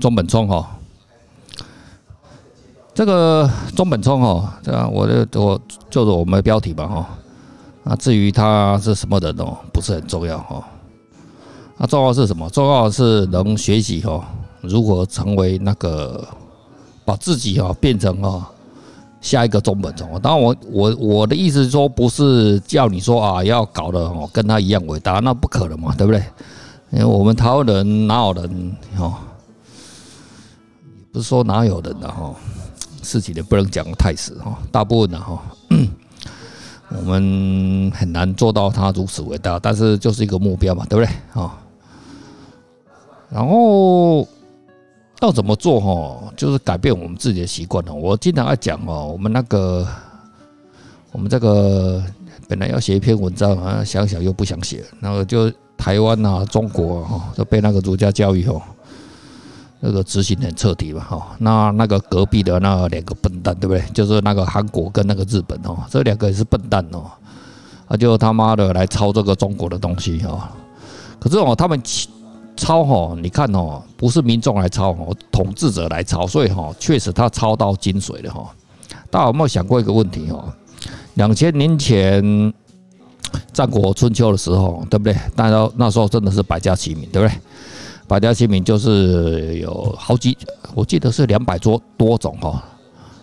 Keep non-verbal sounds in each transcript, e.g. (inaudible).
中本聰哈，這個中本聰哦，這樣我就我就做我們的標題吧哈。那至於他是什麼人哦，不是很重要哈。那重要的是什麼？重要的是能學習哈，如何成為那個把自己啊變成啊下一個中本聰。當然，我我我的意思說，不是叫你說啊要搞得哦跟他一樣偉大，那不可能嘛，對不對？因為我們台灣人哪有人哦？不是說哪有人的、啊、哈，事情也不能講太死哈，大部分呢、啊、哈，我們很難做到他如此偉大，但是就是一個目標嘛，對不對啊？然後要怎麼做哈，就是改變我們自己的習慣了。我經常愛講哦，我們那個，我們這個本來要寫一篇文章啊，想想又不想寫，那後、個、就台灣啊、中國啊，就被那個儒家教育哦。那個執行很徹底吧，哈，那那個隔壁的那兩個笨蛋，對不對？就是那個韓國跟那個日本，哈，這兩個也是笨蛋哦，他就他媽的來抄這個中國的東西，哈。可是哦，他們抄，哈，你看哦，不是民眾來抄，統治者來抄，所以哈，確實他抄到精髓了，哈。大家有沒有想過一個問題，哈？兩千年前戰國春秋的時候，對不對？大家那時候真的是百家齊名，對不對？百家爭鳴就是有好幾，我記得是兩百多多種哈，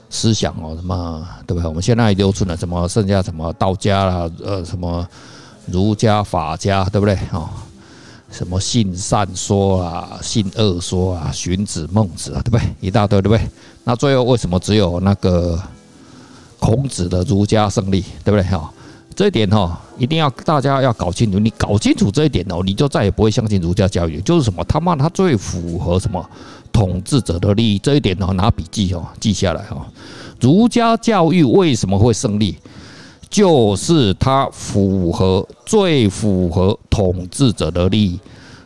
思想哦什麼對不對？我們現在還留存了什麼剩下什麼道家啦，呃什麼儒家、法家對不對啊？什麼性善說啊、性惡說啊、荀子、孟子啊對不對？一大堆對不對？那最後為什麼只有那個孔子的儒家勝利對不對啊？這一點哈。一定要大家要搞清楚，你搞清楚這一點哦，你就再也不會相信儒家教育就是什麼他媽他最符合什麼統治者的利益這一點哦，拿筆記哦，記下來哦。儒家教育為什麼會勝利？就是他符合最符合統治者的利益，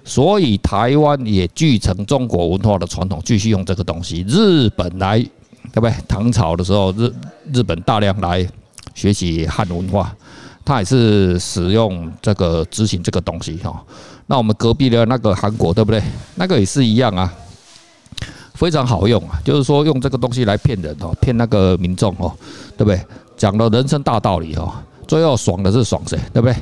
所以台灣也繼承中國文化的傳統，繼續用這個東西。日本來對不對？唐朝的時候，日日本大量來學習漢文化。他也是使用這個，執行這個東西哈、哦，那我們隔壁的那個韓國對不對？那個也是一樣啊，非常好用啊，就是說用這個東西來騙人哦，騙那個民眾哦，對不對？講了人生大道理哦，最後爽的是爽誰？對不對？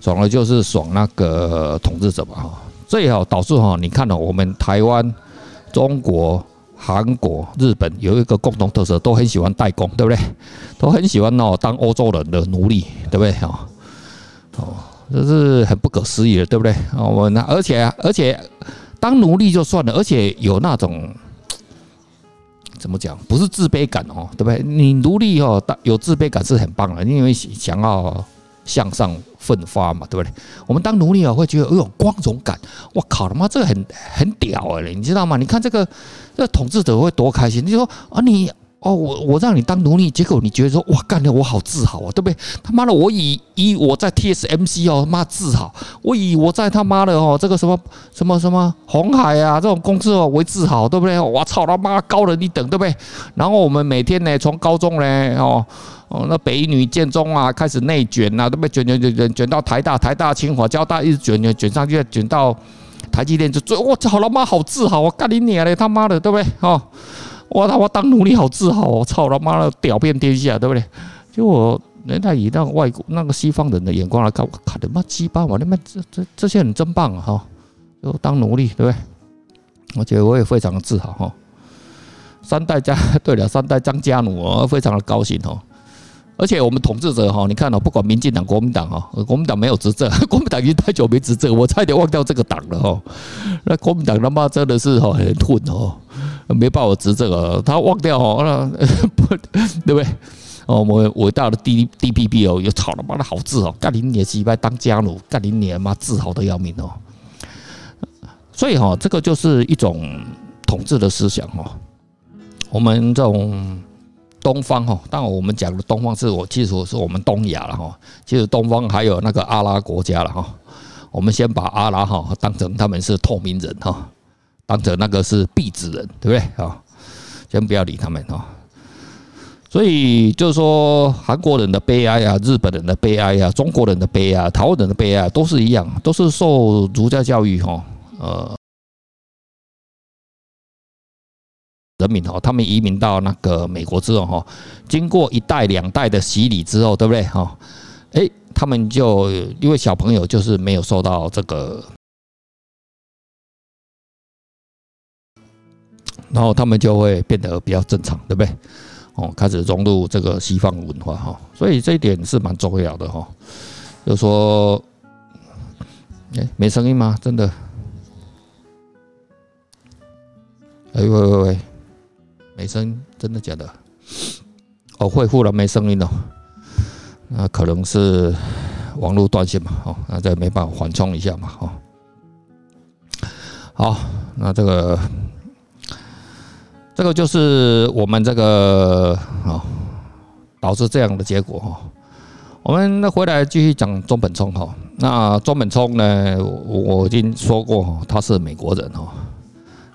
爽的就是爽那個統治者嘛，哈，這也好導致哈，你看到我們台灣、中國。韓國、日本有一個共同特色，都很喜歡代工，對不對？都很喜歡哦，當歐洲人的奴隸，對不對？哦，這是很不可思議的，對不對？哦，我那而且而且當奴隸就算了，而且有那種怎麼講，不是自卑感哦，對不對？你奴隸哦，當有自卑感是很棒的，因為想要向上。奮發嘛，對不對？我們當奴隸啊，會覺得有一種光榮感，我靠，他媽這個很很屌哎、欸，你知道嗎？你看這個這個統治者會多開心，你說啊你。哦，我我讓你當奴隸，結果你覺得說哇，幹得我好自豪啊，對不對？他媽的，我以以我在 TSMC 哦，他媽自豪，我以我在他媽的哦，這個什麼什麼什麼鴻海啊這種公司哦為自豪，對不對？我操他媽高人一等，對不對？然後我們每天呢，從高中呢哦哦那北女建中啊開始內卷啊，對不對？卷卷卷卷卷，卷到台大、台大清、清華、交大一直卷卷卷上去，卷到台積電就最，我操他媽好自豪啊，幹你娘嘞，他媽的，對不對？哦。哇，他媽當奴隸好自豪哦、喔！操他媽的，屌遍天下，對不對？就我那以那個外國、那個西方人的眼光來看，我靠，他媽雞巴，我他媽這這這些人真棒哈、喔，就當奴隸，對不對？我覺得我也非常的自豪哈、喔。三代家，對了，三代張家奴、喔，我非常的高興哈、喔。而且我們統治者哈、喔，你看到、喔、不管民進黨、國民黨哈、喔，國民黨沒有執政，國民黨已經太久沒執政，我差點忘掉這個黨了哈、喔。那國民黨他媽真的是哈很混哦、喔。沒把我指這個，他忘掉哦，那不對不對，哦，我們偉大的 D D P B 哦，又吵得媽的好自豪，幹恁娘雞掰當家奴，幹恁娘媽自豪的要命哦、喔，所以哈、喔，這個就是一種統治的思想哦、喔，我們這種東方哈，當我們講的東方是我其實是我們東亞了哈，其實東方還有那個阿拉國家了哈，我們先把阿拉、喔、當成他們是透明人哈、喔。當着那個是壁紙人，對不對？啊，先不要理他們哦。所以就是說，韓國人的悲哀啊，日本人的悲哀啊，中國人的悲哀啊，台灣人的悲哀啊，都是一樣，都是受儒家教育哈。呃，人民哦，他們移民到那個美國之後哈，經過一代兩代的洗禮之後，對不對？哈，哎，他們就因為小朋友就是沒有受到這個。然後他們就會變得比較正常，對不對？哦，開始融入這個西方文化哈、哦，所以這一點是蠻重要的哈、哦。就是說，哎，沒聲音嗎？真的？哎喂喂喂，沒聲音，真的假的？哦，恢復了沒聲音了、哦？那可能是網絡斷線嘛？哦，那這沒辦法緩衝一下嘛？哦，好，那這個。這個就是我們這個啊，導致這樣的結果哈。我們那回來繼續講中本聰哈。那中本聰呢，我我已經說過，他是美國人哦。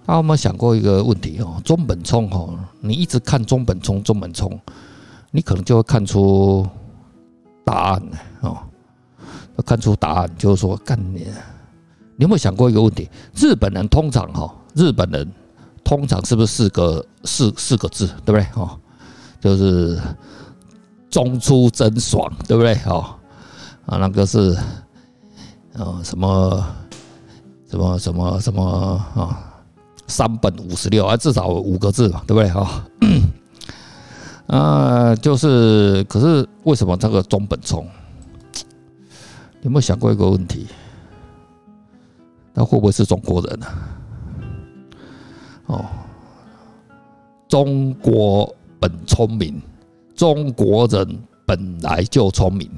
那我們想過一個問題哦，中本聰哦，你一直看中本聰，中本聰，你可能就會看出答案哦。看出答案就是說，幹你，你有沒有想過一個問題？日本人通常哈，日本人。通常是不是四個四四個字，對不對？哈、哦，就是中出真爽，對不對？哈、哦、啊，那個是啊、呃、什麼什麼什麼什麼啊、哦？三本五十六，啊，至少五個字嘛，對不對？哈、哦，啊、呃，就是可是為什麼這個中本聰有沒有想過一個問題？他會不會是中國人呢、啊？哦，中國本聰明，中國人本來就聰明。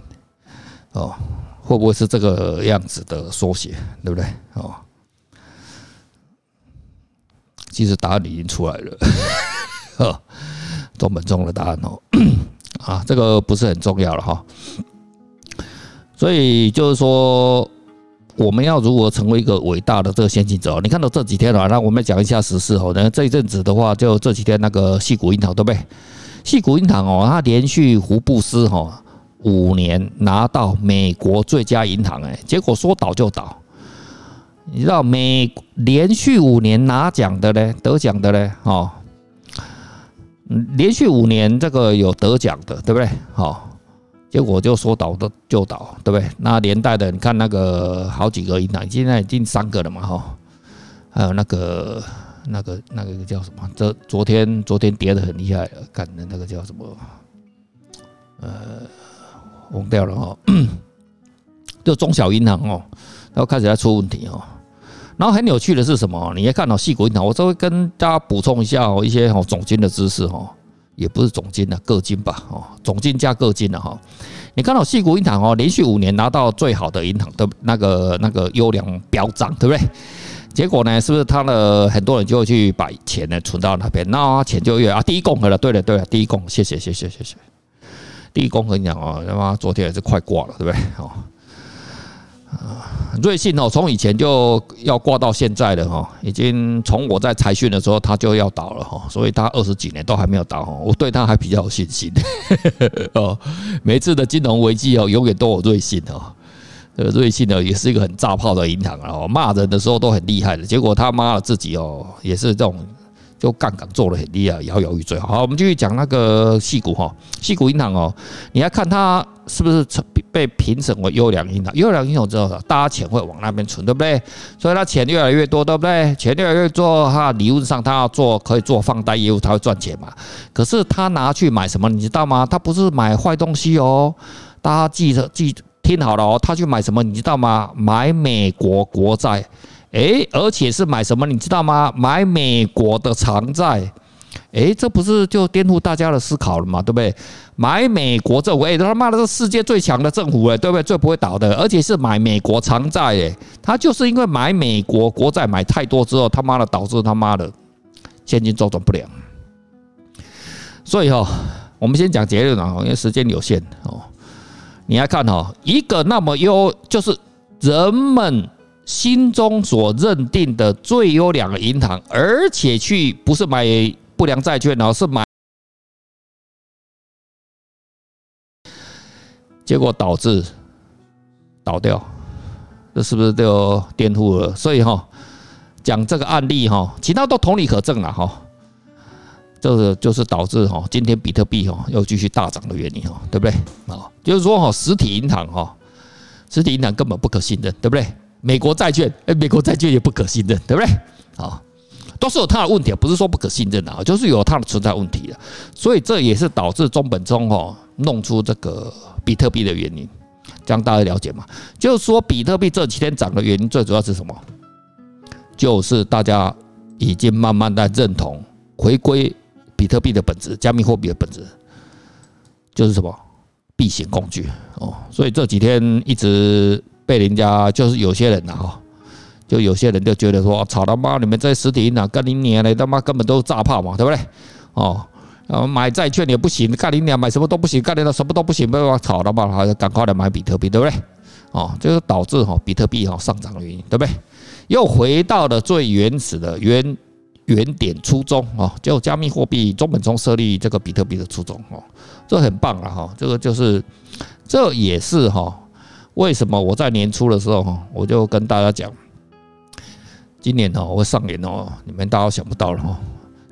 哦，會不會是這個樣子的縮寫？對不對？哦，其實答案已經出來了。哈， (laughs) 中本中的答案哦。啊，這個不是很重要了哈。所以就是說。我們要如何成為一個偉大的這個先行者？你看到這幾天了，那我們講一下時事。那這一陣子的話，就這幾天那個矽谷銀行對不對？矽谷銀行哦，他連續福布斯哈五年拿到美國最佳銀行，誒，結果說倒就倒。你知道美連續五年拿獎的嘞，得獎的嘞，哦，連續五年這個有得獎的對不對？哦。結果就說倒的就倒，對不對？那連帶的，你看那個好幾個銀行，現在已經三個了嘛，哈，還有那個、那個、那個叫什麼？昨昨天昨天跌得很厲害，看的那個叫什麼？呃，忘掉了哈、喔， (coughs) 就中小銀行哦、喔，然後開始在出問題哦、喔。然後很有趣的是什麼？你也看到、喔、矽谷銀行，我稍微跟大家補充一下哦、喔，一些哦、喔，總經的知識哈、喔。也不是總金的、啊、個金吧，哦，總金加個金的、啊、哈。你看到矽谷銀行哦，連續五年拿到最好的銀行的那個那個優良標章，對不對？結果呢，是不是他的很多人就會去把錢呢存到那邊，那錢就越啊第一共和了，對了對了，第一共，謝謝謝謝謝謝，謝謝第一共和你講哦，他媽昨天也是快掛了，對不對？哦。啊，瑞信哦，從以前就要掛到現在了哈，已經從我在財訊的時候，他就要倒了哈，所以他二十幾年都還沒有倒哈，我對他還比較有信心哦。每次的金融危機哦，永遠都有瑞信哦，瑞信呢也是一個很炸炮的銀行啊，罵人的時候都很厲害的，結果他罵了自己哦，也是這種就槓桿做的很厲害，搖搖欲墜。好，好，我們繼續講那個矽谷哈，矽谷銀行哦，你要看它是不是成。被評審為優良銀行，優良銀行之後，大家錢會往那邊存，對不對？所以他錢越來越多，對不對？錢越來越多，他理論上他要做可以做放貸業務，他會賺錢嘛？可是他拿去買什麼？你知道嗎？他不是買壞東西哦，大家記得記得聽好了哦，他去買什麼？你知道嗎？買美國國債，誒、欸，而且是買什麼？你知道嗎？買美國的長債。誒、欸，這不是就顛覆大家的思考了嘛，對不對？買美國政府哎、欸，他媽的是世界最強的政府誒、欸，對不對？最不會倒的，而且是買美國長債誒，他就是因為買美國國債買太多之後，他媽的導致他媽的現金周轉不了。所以哈、哦，我們先講結論啊，因為時間有限哦。你來看哈、哦，一個那麼優，就是人們心中所認定的最優良的銀行，而且去不是買。不良債券是買，結果導致倒掉，這是不是就顛覆了？所以哈，講這個案例哈，其他都同理可證了哈。這個就是導致哈，今天比特幣哈要繼續大漲的原因哈，對不對？啊，就是說哈，實體銀行哈，實體銀行根本不可信任，對不對？美國債券哎，美國債券也不可信任，對不對？好。都是有它的問題，不是說不可信任的啊，就是有它的存在問題的，啊，所以這也是導致中本聰哈弄出這個比特幣的原因，這樣大家了解嘛？就是說比特幣這幾天漲的原因，最主要是什麼？就是大家已經慢慢的認同回歸比特幣的本質，加密貨幣的本質就是什麼避險工具哦，所以這幾天一直被人家就是有些人吶哈。就有些人就覺得說，操他媽！你們這些實體銀行，幹你娘的，他媽根本都是炸炮嘛，對不對？哦，買債券也不行，幹你娘買什麼都不行，幹你娘什麼都不行，沒辦法，操他媽！還是趕快來買比特幣，對不對？哦，就是導致哈比特幣哈上漲的原因，對不對？又回到了最原始的原原點初衷啊，就加密貨幣中本聰設立這個比特幣的初衷哦，這很棒了哈！這個就是，這也是哈，為什麼我在年初的時候哈，我就跟大家講。今年哦，我會上演哦，你們大家想不到了哦，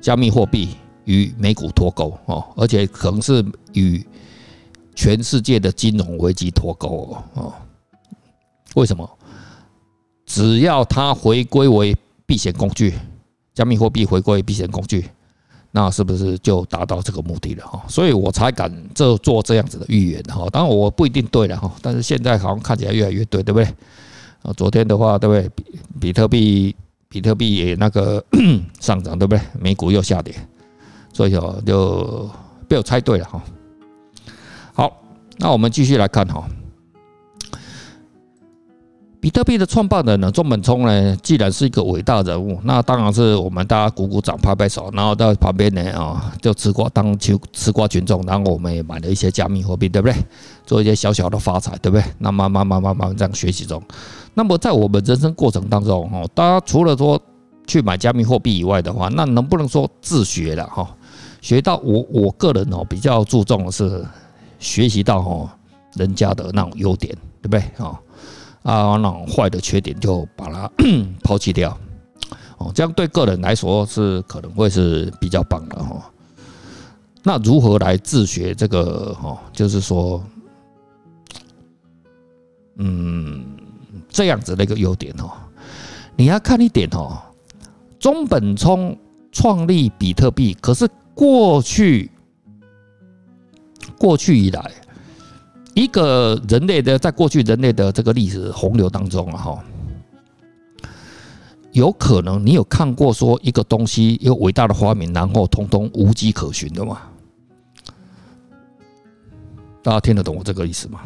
加密貨幣與美股脫鈎哦，而且可能是與全世界的金融危機脫鈎哦。為什麼？只要它回歸為避險工具，加密貨幣回歸為避險工具，那是不是就達到這個目的了哈？所以我才敢這做這樣子的預言哈。當然我不一定對了哈，但是現在好像看起來越來越對，對不對？啊，昨天的話，對不對？比比特幣。比特幣也那個咳咳上漲，對不對？美股又下跌，所以哦，就被我猜對了哈。好，那我們繼續來看哈。比特幣的創辦人呢，中本聰呢，既然是一個偉大人物，那當然是我們大家鼓鼓掌、拍拍手，然後在旁邊呢啊，就吃瓜，當吃吃瓜群眾。然後我們也買了一些加密貨幣，對不對？做一些小小的發財，對不對？那慢慢慢慢慢這樣學習中。那麼在我們人生過程當中哦，大家除了說去買加密貨幣以外的話，那能不能說自學了哈？學到我我個人哦比較注重的是學習到哦人家的那種優點，對不對啊？啊，那壞的缺點就把它拋棄掉哦，這樣對個人來說是可能會是比較棒的哈。那如何來自學這個哈？就是說，嗯，這樣子的一個優點哦，你要看一點哦，中本聰創立比特幣，可是過去過去以來。一個人類的，在過去人類的這個歷史洪流當中啊，哈，有可能你有看過說一個東西有偉大的發明，然後通通無跡可尋的嗎？大家聽得懂我這個意思嗎？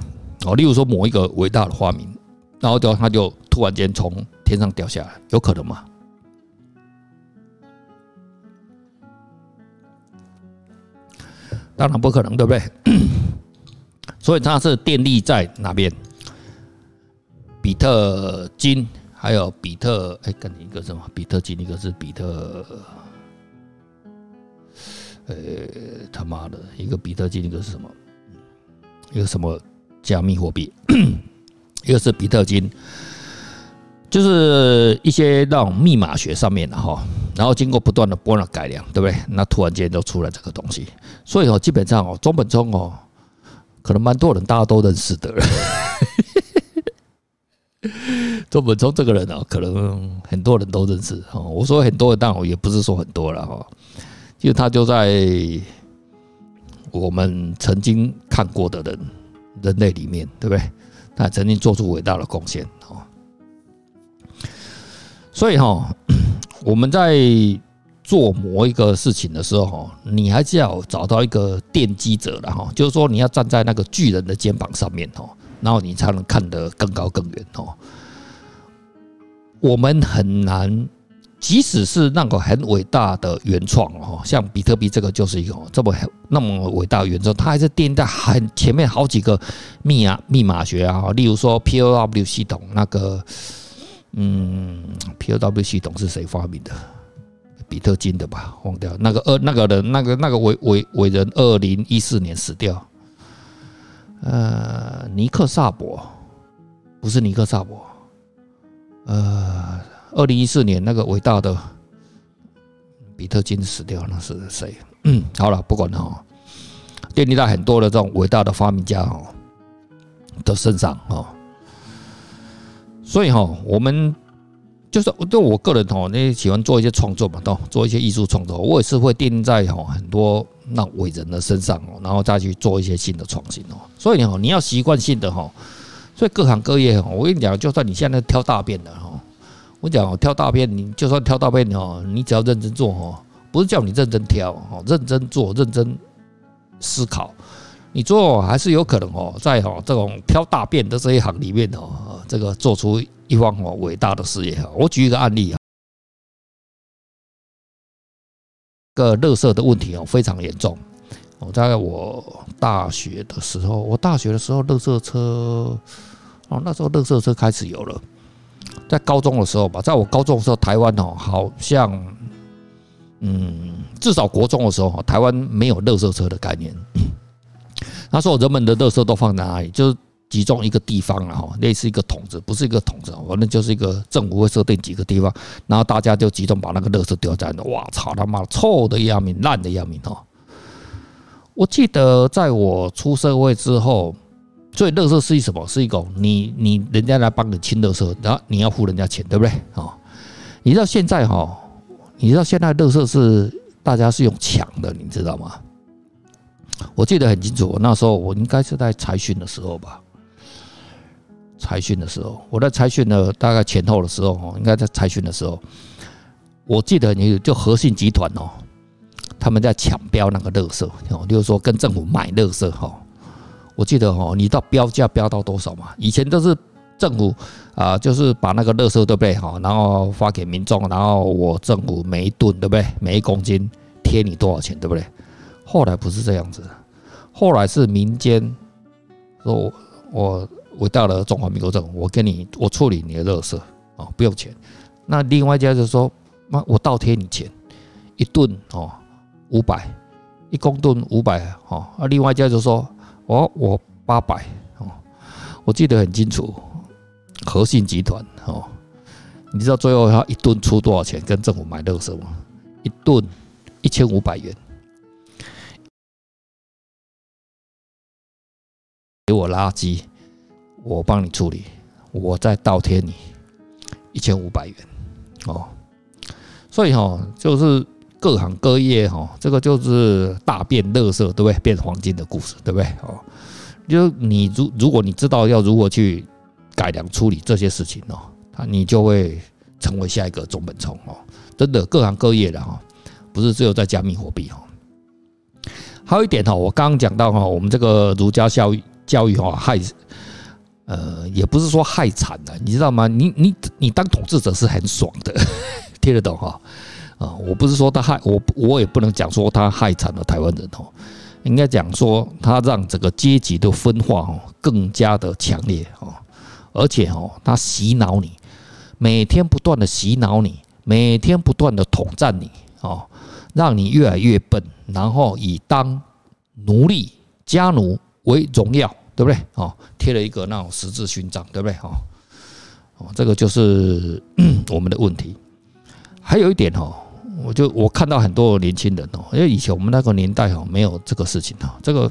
啊，例如說某一個偉大的發明，然後就它就突然間從天上掉下來，有可能嗎？當然不可能，對不對？ (coughs) 所以它是電力在哪邊？比特金，還有比特哎，跟你一個什麼？比特金，一個是比特，呃，他媽的一個比特金，一個是什麼？一個什麼加密貨幣？一個是比特金。就是一些那種密碼學上面的哈，然後經過不斷的波浪改良，對不對？那突然間就出了這個東西，所以哦，基本上哦，中本聰哦。可能蠻多人，大家都認識的。中本聰這個人呢，可能很多人都認識哈。我說很多人，但我也不是說很多了哈。就他就在我們曾經看過的人人類裡面，對不對？他曾經做出偉大的貢獻哦。所以哈，我們在。做某一個事情的時候，你還是要找到一個奠基者的吼，就是說你要站在那個巨人的肩膀上面，吼，然後你才能看得更高更遠，吼。我們很難，即使是那個很偉大的原創，哦，像比特幣這個就是一個這麼那麼偉大的原創，它還是奠在很前面好幾個密密碼學啊，例如說 P O W 系統，那個，嗯，P O W 系統是誰發明的？比特金的吧，忘掉那個二、呃、那個人那個那個偉偉偉人，二零一四年死掉。呃，尼克薩博不是尼克薩博。呃，二零一四年那個偉大的比特金死掉，那是誰？嗯，好了，不管哦、喔，建立在很多的這種偉大的發明家哦、喔、的身上哦、喔。所以哈、喔，我們。就是我對我個人吼，那喜歡做一些創作嘛，都做一些藝術創作，我也是會定在吼很多那偉人的身上，然後再去做一些新的創新哦。所以吼，你要習慣性的吼，所以各行各業吼，我跟你講，就算你現在在挑大便的吼，我講哦，挑大便，你就算挑大便哦，你只要認真做哦，不是叫你認真挑哦，認真做，認真思考。你做還是有可能哦，在哈這種挑大便的這一行裡面哦，這個做出一番哦偉大的事業。我舉一個案例啊，個垃圾的問題哦非常嚴重。我在我大學的時候，我大學的時候垃圾車哦，那時候垃圾車開始有了。在高中的時候吧，在我高中的時候，台灣哦好像嗯，至少國中的時候，台灣沒有垃圾車的概念。他說：“人們的垃圾都放在哪裡？就是集中一個地方了哈，類似一個桶子，不是一個桶子，反正就是一個政府會設定幾個地方，然後大家就集中把那個垃圾丟在那。哇操，他媽臭的要命，爛的要命哦！我記得在我出社會之後，所以垃圾是一什麼？是一種你你人家來幫你清垃圾，然後你要付人家錢，對不對？哦，你知道現在哈？你知道現在垃圾是大家是用搶的，你知道嗎？”我記得很清楚，我那時候我應該是在財訊的時候吧，財訊的時候，我在財訊的大概前後的時候哦，應該在財訊的時候，我記得你就和信集團哦，他們在搶標那個垃圾哦，就是說跟政府買垃圾哈，我記得哈，你到標價標到多少嘛？以前都是政府啊，就是把那個垃圾對不對，然後發給民眾，然後我政府每一噸對不對，每一公斤貼你多少錢對不對？後來不是這樣子，後來是民間說我：“我我偉大的中華民國政府，我給你我處理你的垃圾啊，不用錢。”那另外一家就說：“媽，我倒貼你錢，一噸哦，五百一公噸五百哦。”啊，另外一家就說：“我我八百哦。”我記得很清楚，和信集團哦，你知道最後他一噸出多少錢跟政府買垃圾嗎？一噸一千五百元。給我垃圾，我幫你處理，我再倒貼你一千五百元，哦，所以哈、哦，就是各行各業哈、哦，這個就是大變垃圾，對不對？變黃金的故事，對不對？哦，就你如如果你知道要如何去改良處理這些事情哦，那你就會成為下一個中本聰哦，真的，各行各業的哈、哦，不是只有在加密貨幣哦。還有一點哈、哦，我剛剛講到哈、哦，我們這個儒家教育。教育哦害，呃也不是說害慘了，你知道嗎？你你你當統治者是很爽的，聽得懂哈？啊，我不是說他害我，我也不能講說他害慘了台灣人哦，應該講說他讓整個階級的分化哦更加的強烈哦，而且哦他洗腦你，每天不斷的洗腦你，每天不斷的統戰你哦，讓你越來越笨，然後以當奴隸家奴為榮耀，對不對？哦，貼了一個那種十字勳章，對不對？哦，哦，這個就是我們的問題。還有一點哦，我就我看到很多年輕人哦，因為以前我們那個年代哈，沒有這個事情哈。這個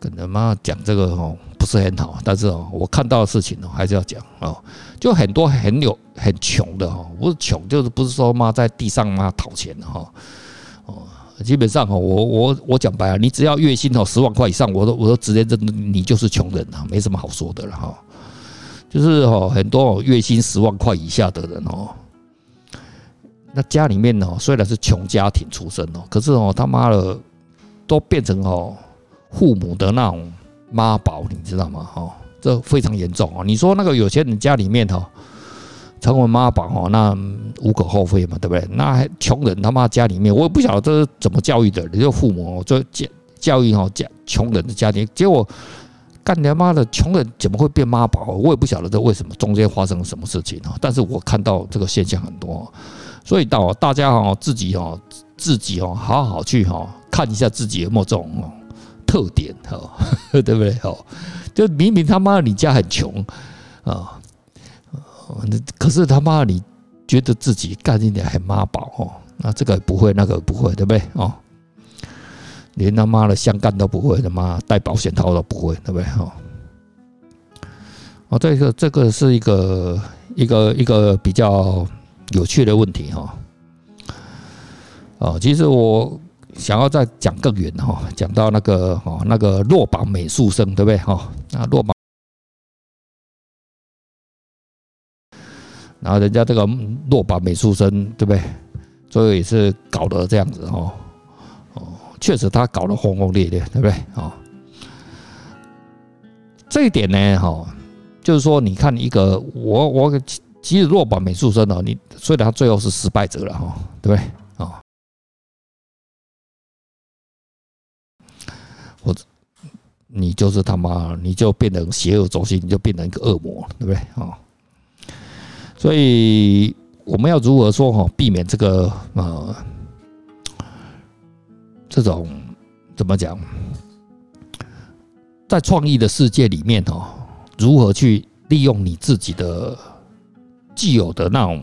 跟他媽講這個哦，不是很好，但是哦，我看到的事情哦，還是要講哦。就很多很有很窮的哈，不是窮，就是不是說媽在地上媽討錢哈。哦，基本上哈，我我我講白了，你只要月薪哦，十萬塊以上，我都我都直接認你就是窮人了，沒什麼好說的了哈。就是哈，很多月薪十萬塊以下的人哦，那家裡面呢，雖然是窮家庭出身哦，可是哦，他媽的都變成哦，父母的那種媽寶，你知道嗎？哈，這非常嚴重啊！你說那個有錢人家裡面哦。成為媽寶哈，那無可厚非嘛，對不對？那還窮人他媽家裡面，我也不曉得這是怎麼教育的，你就父母就教教育哈，教窮人的家庭，結果幹你媽的，窮人怎麼會變媽寶？我也不曉得這為什麼中間發生什麼事情啊！但是我看到這個現象很多，所以到大家哈自己哈自己哈好好去哈看一下自己有沒有這種哦特點哈，對不對？哈，就明明他媽你家很窮啊。那可是他媽你覺得自己幹一點很媽寶哦？那這個不會，那個不會，對不對？哦，連他媽的相幹都不會，他媽戴保險套都不會，對不對？哈，哦，這個這個是一個一個一個比較有趣的問題哈。哦，其實我想要再講更遠哈，講到那個哈，那個落榜美術生，對不對？哈，那落榜。然後人家這個落榜美術生，對不對？最後也是搞得這樣子哦，哦，確實他搞得轟轟烈烈，對不對哦。這一點呢，哈，就是說，你看一個我我其實落榜美術生哦，你雖然他最後是失敗者了哈，對不對哦。我你就是他媽，你就變成邪惡中心，你就變成一個惡魔，對不對哦。所以，我們要如何說哈？避免這個呃，這種怎麼講，在創意的世界裡面哦，如何去利用你自己的既有的那種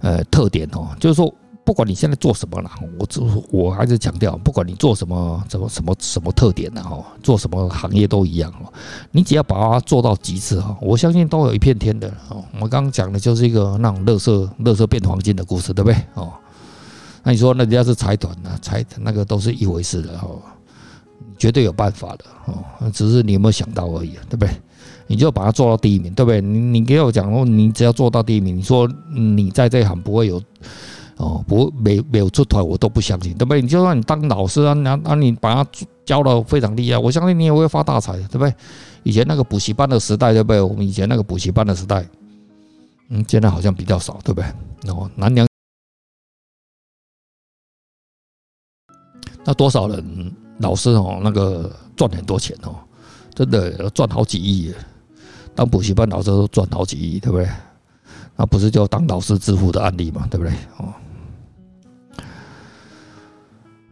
呃特點哦？就是說。不管你現在做什麼了，我只我還是強調，不管你做什麼，怎麼什麼什麼，什麼特點的、啊、哈，做什麼行業都一樣哈，你只要把它做到極致哈，我相信都有一片天的哈。我剛剛講的就是一個那種垃圾“樂色樂色變黃金”的故事，對不對哦？那你說，那人家是財團，財團，那個都是一回事的哦，絕對有辦法的哦，只是你有沒有想到而已，對不對？你就把它做到第一名，對不對？你給我講說，你只要做到第一名，你說你在這行不會有。哦，不沒沒有出頭，我都不相信，對不對？你就算你當老師啊，那那你把他教的非常厲害，我相信你也會發大財，對不對？以前那個補習班的時代，對不對？我們以前那個補習班的時代，嗯，現在好像比較少，對不對？哦，南娘，那多少人老師哦，那個賺很多錢哦，真的賺好幾億，當補習班老師都賺好幾億，對不對？那不是就當老師致富的案例嘛，對不對？哦。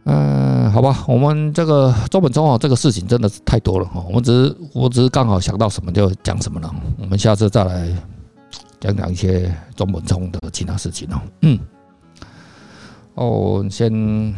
嗯，好吧，我們這個中本聰啊，這個事情真的是太多了哈。我們只是，我只是剛好想到什麼就講什麼了。我們下次再來講講一些中本聰的其他事情哦。嗯，哦，先。